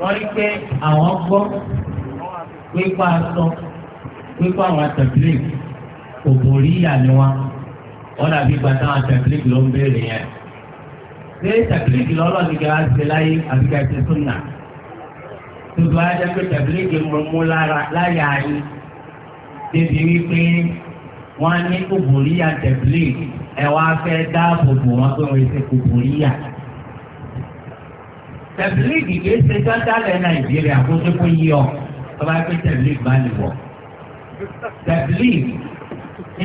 wọ́n rí pé àwọn gbọ́ pípa sọ pípa àwọn àtẹ̀bílẹ̀ kò borí ìyá ni wọn wọ́n dàbí bàtà àwọn àtẹ̀bílẹ̀ ló ń béèrè yẹn. ṣé tẹ̀bílẹ̀ lọ́lọ́ ni kí wọ́n á ṣe láyé àbí kí wọ́n ti sún nà? tuntun ayé pé tẹ̀bílẹ̀ mọ̀mú láyà yín débi wípé wọ́n á ní kò borí ìyá tẹ̀bílẹ̀ ẹ̀ wá fẹ́ dáàbò bò wọ́n pé wọ́n ti kò borí ìyá tẹ̀bílíìgì kì í ṣe sẹ́ńtálẹ̀ nàìjíríà kó tó kó yí ọ tọ́ba pé tẹ̀bílíìgì bá lè wọ̀. tẹ̀bílíìgì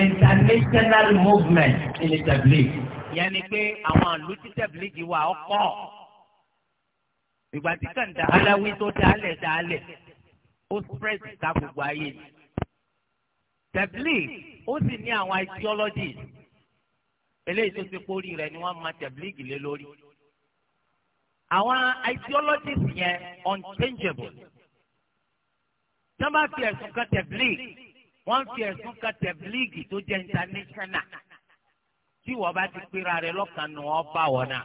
international movement ni tẹ̀bílíìgì. ìyẹn ni pé àwọn àlù tí tẹ̀bílíìgì wà ó pọ̀. ìgbà tí kàńdà aláwí tó dálẹ̀ dálẹ̀ ó spread ta gbogbo ayé ni. tẹ̀bílíìgì ó sì ní àwọn ideologies eléyìí tó ti pórí rẹ̀ ni wọ́n máa tẹ̀bílíìgì lé lórí àwọn ideologies yẹn unchangeable tí wọ́n bá fi ẹ̀sùn kan tẹ̀blíìgì wọ́n fi ẹ̀sùn kan tẹ̀blíìgì tó jẹ́ international tí wọ́n bá ti pera rẹ̀ lọ́kàn nù ọ́ bá wọn náà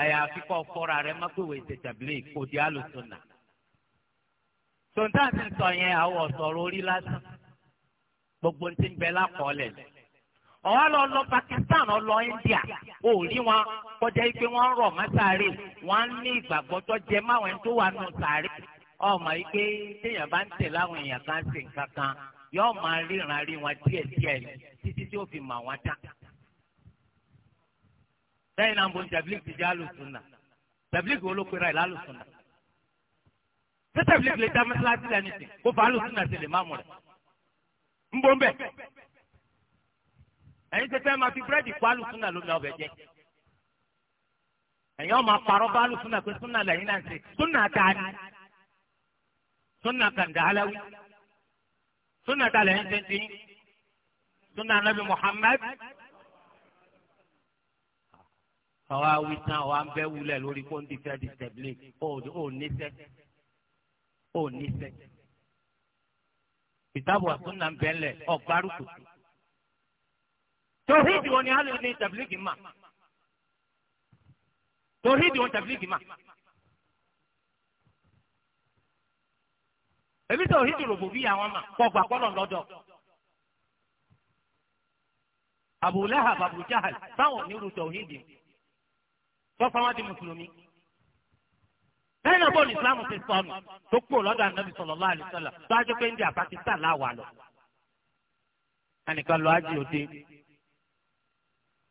àyàfi kọ́ fọ́ra rẹ̀ mọ́pẹ́wé ṣe tẹ̀blíìgì kò di àlùsùnà tòǹtà ti sọ yẹn àwọn ọ̀sọ̀rọ̀ orí lásán gbogbo ti ń bẹ lákọọ́lẹ̀ ọ̀hán lọ lọ Pakistan ọlọ India ò rí wọn kọjá yìí pé wọ́n ń rọ̀ mọ́ sáré wọ́n ń ní ìgbàgbọ́ tó jẹ máwọn ẹni tó wà nù sáré ọmọ yìí pé téèyàn bá ń tẹ̀ láwọn èèyàn kan sí nǹkan kan yóò máa ríran rí wọn díẹ̀ díẹ̀ títí tí ó fi mà wọn tán. lẹ́yìn náà bọ́n tẹ̀blík ti jẹ́ alùsùnà tẹ̀blík wo ló pera ẹ̀ lálùsùnà. tí tẹ̀blík lè dá mẹ́sàlásì lẹ́nu sí kó fa alùsùnà sí lè má rẹ̀. ń bọ́ bẹ́ẹ̀ ẹ̀yin tẹ́ fẹ́ máa fi búrẹ́dì pa alùsùnà lómi ọbẹ̀ jẹ ẹ̀yin ọmọ àpàrọ̀ bá alùsùnà pé súnà lẹ́yìn náà ń ṣe súnà dání súnà kàǹdà aláwí súnà ta lẹ́yìn tẹ́ntì súnà nàbì Muhammad ọwọ́ awi tán ọwọ́ abẹ́ wulẹ̀ lórí kó ń di fẹ́ di tẹ̀blé ó níṣẹ́ ó níṣẹ́ kìtàbù àtúnà ń bẹ́ẹ̀ lẹ̀ ọ̀gbárùkù tòhídì wọn ni alẹ́ ní tàbílíkì mà tòhídì wọn tàbílíkì mà. èmi tòhídì rògbò bí àwọn mà kọ́ gbà kọ́ lọ́n lọ́dọ̀. Abu Lahab Abu Jahal báwọn onírú tòhídì tọ́pọ̀ wọn di mùsùlùmí bẹ́ẹ̀ náà bọ́ọ̀lù ìsìláàmù ti sọnù tó kú lọ́dọ̀ ànábì sallallahu alaihi wasallam tó ajọ́ pé India Pakistan láwàá lọ. ẹnìkan lọ òde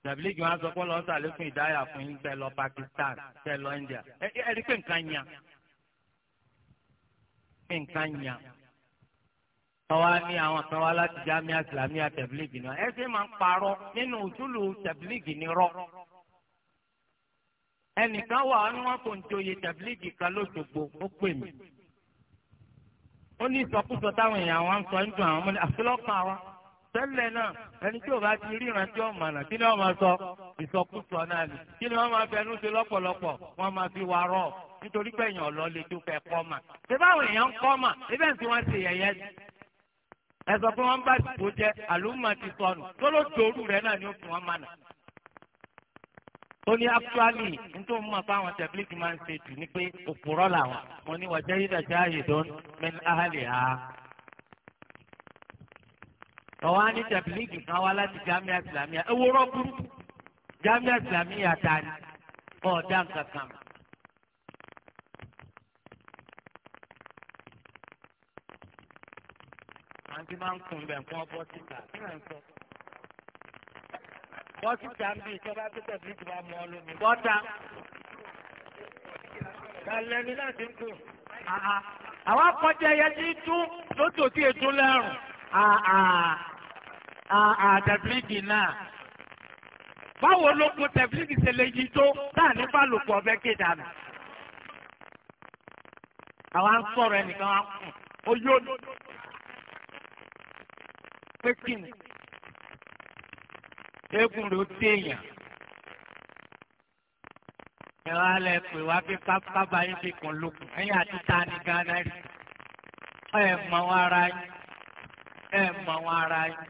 dàbílẹ̀ jù wọn sọ pé lọ́ọ́ sàlékún ìdáyà fún yín tẹ́ lọ Pakistan tẹ́ lọ India ẹ rí pé nǹkan yàn pé nǹkan yàn tọ́wá ní àwọn kan láti Jamia Islamia tẹ̀bílíìgì ni ẹ ṣe máa ń parọ́ nínú òtúlù tẹ̀bílíìgì ni rọ́ ẹnìkan wà ní wọn kò ń joyè tẹ̀bílíìgì kan lóṣogbo ó pè mí ó ní ìsọkúsọ táwọn èèyàn wọn ń sọ ń dùn àwọn ọmọdé àfilọ́kàn àwọn tẹ́lẹ̀ náà ẹni tí ò bá ti ríran tí ó mànà kí ni wọ́n máa sọ ìsọkúsọ náà ni kí ni wọ́n máa fẹnu ṣe lọ́pọ̀lọpọ̀ wọ́n máa fi wà rọ̀ nítorí pé èèyàn lọ lè tó fẹ́ kọ́ mà ṣé báwọn èèyàn ń kọ́ mà ibẹ̀ tí wọ́n ṣe yẹ̀yẹ́ ẹ sọ pé wọ́n bá dìbò jẹ àlùmọ̀ ti sọnù tó ló dòrú rẹ̀ náà ni ó fi wọ́n mànà. ó ní actually nítorí mo mọ̀ pé àwọn tẹ̀blíkì máa ń ṣe jù ní pé òpùrọ̀ làwọn mo ní wọ́n jẹ́ yídà ọ̀wá ní tẹ̀bílíìgì kan wá láti jamia islamia ẹ wo rọ́bù jamia islamia ta ni ọ̀dà nǹkan kan. àǹtí máa ń kun bẹ̀ nǹkan bọ́ síta kí ló ń sọ. bọ́ síta ń bí ìjọba tó tẹ̀bílíìgì bá mọ́ ọ lómi. bọ́ta. kàlẹ́ ni láti ń kùn àwọn akọjá ẹyẹ ti tú lótò tí ètò lẹ́rùn tẹ̀fílìkì náà báwo ló kó tẹ̀fílìkì ṣe lè yí tó táà ní bálòpọ̀ ọ̀fẹ́ kéde àná. àwa ń sọ̀rọ̀ ẹnìkan wa kùn ó yó pé kí ni eégún ló téèyàn ẹ wá lẹ pè wá bí kábà yín fi kàn lókun ẹ̀yin àti ta ni gánà ẹ mọ wọn ara yín ẹ mọ wọn ara yín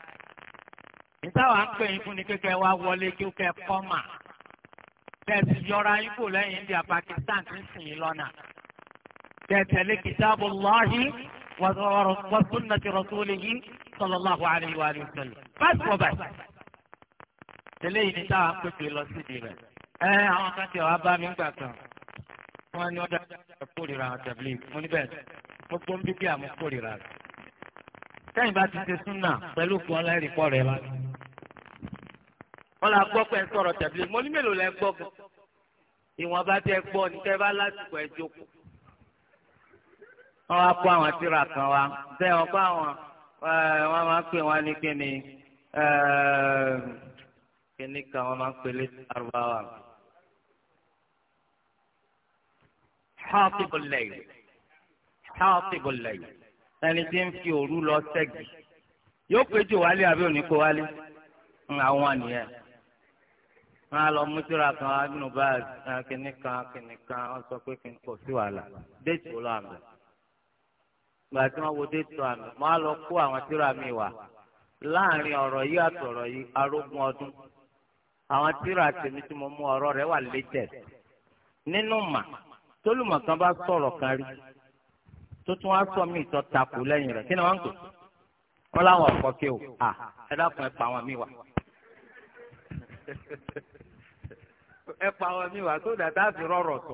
ìtawà ń pè yín fún ni kékeré wa wọlé kí ó kẹ kọ́ mà tẹ̀sí yọra yín kò lẹ́yìn India Pakistan ti ń sìn yín lọ́nà tẹ̀tẹ̀lé kìtàbù lọ́hí wàsúnà ti rọ̀súlẹ̀ yìí sọlọ́láhu alayhi wa sallam. báyìí wọ báyìí tẹ̀lé yìí ni táwa ń pèpè lọ síbi rẹ̀ ẹ àwọn kan tiẹ̀ wá bá mi gbà kan wọn ni wọn dá kórìíra tẹ̀lé mo ní bẹ́ẹ̀ gbogbo ń bí bí àmú kórìíra rẹ̀. bá ti ṣe súnà pẹ̀lú kí wọ́n lẹ́rìí pọ̀ rẹ̀ lọ́dún wọn là gbọ́ pé ń sọ̀rọ̀ tẹ̀blé mo ní mélòó lẹ́ gbọ́ gan ìwọ̀n bá tẹ gbọ́ ní tẹ́ bá lásìkò ẹ̀ jókòó wọn wá kó àwọn tíra kan wa tẹ wọn kó àwọn wọn máa ń pè wọn ní kíni kíni kan wọn máa ń pè lé arúgbáwá Hatibul Layl Hatibul Layl ẹni tí ń fi òru lọ sẹ́gi yóò péjú wálé àbí òní kó wálé àwọn àníyàn wọn á lọ mú síra kan nínú báyìí kìnnì kan kìnnì kan wọn sọ pé kìnnì kò sí wàhálà déètì wò lọ àmì gbà tí wọn wo déètì wò àmì wọn á lọ kó àwọn síra mi wá láàrin ọ̀rọ̀ yìí àtọ̀rọ̀ yìí arógún ọdún àwọn síra tèmi tí mo mú ọ̀rọ̀ rẹ̀ wà létẹ nínú mà tólùmọ̀ bá sọ̀rọ̀ kan rí tó tún wá sọ mí ìtọ́ takò lẹ́yìn rẹ̀ kí ni wọ́n ń pè wọ́n láwọn ọ̀pọ̀ kí o à ẹ dákun ẹ pa àwọn mi wá ẹ pa àwọn mi wá sódà tá a fi rọrọ sọ.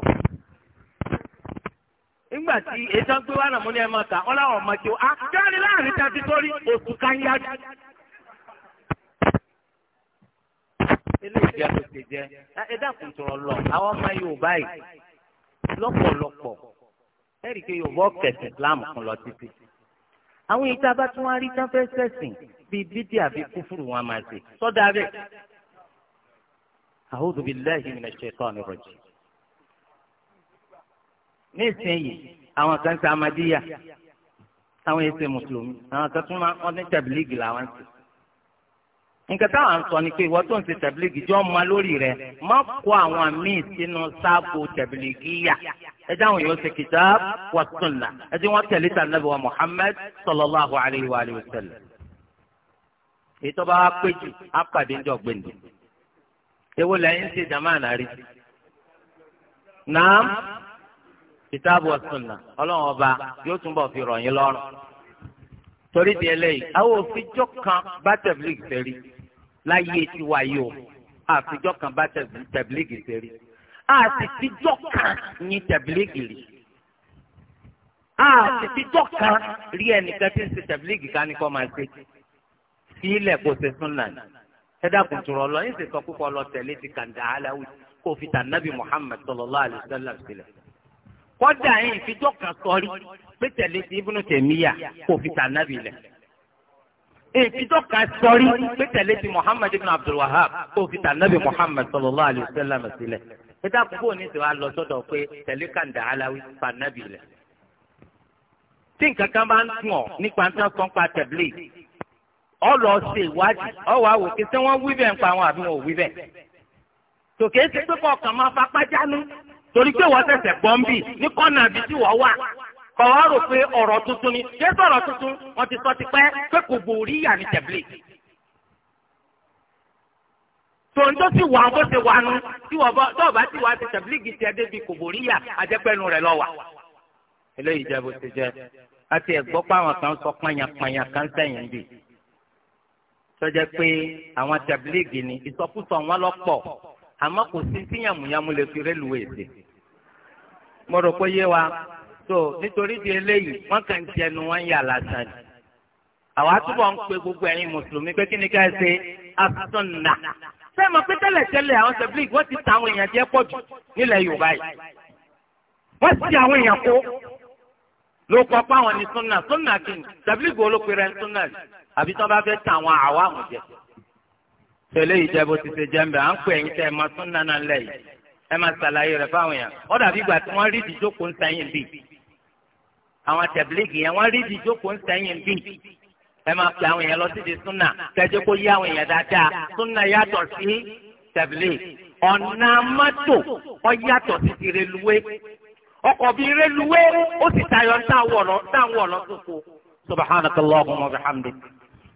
nígbà tí ètò gbé wà nàmú ni ẹ máa kà ọ́ láwọn ọmọ tí ó á ah, jáde láàrin tàbí sórí oṣù káyá. eléyìí jẹ́ oṣù jẹ́ ẹ dákun tọrọ lọ àwọn ọmọ Yorùbá yìí lọ́pọ̀lọpọ̀ ẹ̀rí pé Yorùbá kẹsẹ̀ Islam kan lọ títí. àwọn ìta bá tún wá rí tán fẹ́ sẹ̀sìn bíi bídíà bíi kúfùrù wọn máa ṣe sọ́dà bẹ́ẹ̀. A'udhu billahi minash shaitani rajim. nísìnyí àwọn kan ṣe amadíyà àwọn èsè mùsùlùmí àwọn kan tún máa wọn ní tẹbílíìgì làwọn ń sè. nǹkan táwọn sọ ni pé ìwọ tó ń ṣe tẹbílíìgì jọ ma lórí rẹ má kó àwọn míì sínú sáàbù tẹbílíìgì yà ẹ dáhùn yóò ṣe kitab wa sunnah ẹ tí wọn tẹ̀lé ta nàbẹ wa Muhammad sallallahu alayhi wa sallam. ètò bá wá péjú á pàdé ń jọ gbèǹdè èwo lẹ́yìn ṣe jàmáànà rí naam kitaabu wa sunna ọlọ́run ọba yóò túnbọ̀ fi rọ̀ yín lọ́rùn torí di eléyìí àwọn òfijọ́ kan bá tẹ̀blígì sẹ́rí láyé tiwa yìí o àfijọ́ kan bá tẹ̀blígì sẹ́rí àtìfijọ́ kan ní tẹ̀blígì rí àtìfijọ́ kan rí ẹnìkan tí ń ṣe tẹ̀blígì ká ní kọ́ máa ṣe sílẹ̀ kó ṣe sunna ni ẹ̀dàkùn tó rọ̀ lọ yín sì sọ púpọ̀ lọ tẹ̀lé ti kàńdà aláwì kó fi tà nábì Muhammad sallallahu alaihi wasallam sílẹ̀. kọ́dà yín ìfijọ́ kan sọrí pé tẹ̀lé ti Ibnu Taymiyyah kó fi tà nábì lẹ̀. ìfijọ́ kan sọrí pé tẹ̀lé ti Muhammad ibn Abdul Wahhab kó fi tà nábì Muhammad sallallahu alaihi wasallam sílẹ̀. ẹ̀dàkùn kó ní sì wá lọ sọ́dọ̀ pé tẹ̀lé kàńdà aláwì fà nábì lẹ̀. tí nǹkan kan bá ń tún ọ nípa ń tán sọ́ńpa tẹ̀blé ọ lọ ṣe ìwádìí ọ wà wò kí sẹ wọn wí bẹ́ẹ̀ ń pa àwọn àbí wọn ò wí bẹ́ẹ̀ tòkè é ti pé kọ kàn máa fapá jánu torí pé wọ́n ṣẹ̀ṣẹ̀ gbọ́n bì ní kọ́nà àbí tí wọ́n wà kọ̀ wá rò pé ọ̀rọ̀ tuntun ni ṣé sọ̀rọ̀ tuntun wọ́n ti sọ ti pẹ́ pé kò gbòòrí yà ní tẹ̀blé. tòǹtò sì wà bó ṣe wà nu tí wọ́n bá ti wà ti tẹ̀blé gidi ẹ̀ débi kò gbòòrí yà àjẹpẹ́nu rẹ̀ lọ wà. eléyìí jẹ́ bó ṣe jẹ́ àti ẹ̀gbọ́n pàwọn kan sọ pányápányá kan sẹ́yìn bíi sọjẹ pé àwọn tẹbílíìgì ni ìsọkúsọ wọn lọ́pọ̀ àmọ́ kò sí sí yàmùyàmù lè fi rélùwé sí mo rò pé yé wa tó nítorí di eléyìí wọn kàn jẹnu wọn yà lásán ni àwa túbọ̀ ń pe gbogbo ẹ̀yin mùsùlùmí pé kí ni ká ẹ ṣe asọ́nà sẹ́ẹ̀ mọ̀ pé tẹ́lẹ̀ tẹ́lẹ̀ àwọn tẹ̀blík wọ́n ti ta àwọn èèyàn jẹ́ pọ̀ jù nílẹ̀ yorùbá yìí wọ́n ti àwọn èèyàn kó ló kọ́ pé àwọn ni sunna sunna kìíní tẹ̀blík wo sunna àbí tí wọ́n bá fẹ́ tà àwọn àwa àwọn jẹ. tẹ̀lé ìjẹ́ bó ti ṣe jẹ́ ń bẹ̀ à ń pè ẹ̀yin tẹ́ ẹ máa tún nánà lẹ̀ yìí ẹ máa ṣàlàyé rẹ̀ fáwọn èèyàn ó dàbí ìgbà tí wọ́n rí ìdíjókòó ń sẹ́yìn bì àwọn tẹ̀blígì yẹn wọ́n rí ìdíjókòó ń sẹ́yìn bì ẹ máa fi àwọn èèyàn lọ síbi súnà kẹjọ kó yé àwọn èèyàn dáadáa súnà yàtọ̀ sí tẹ̀blígì ọ̀nà mọ́tò ó yàtọ̀ sí ti reluwé ọkọ̀ bíi reluwé ó sì tayọ táwọn ọ̀nà táwọn ọ̀nà tó kó subhanakallahumma wa bihamdika.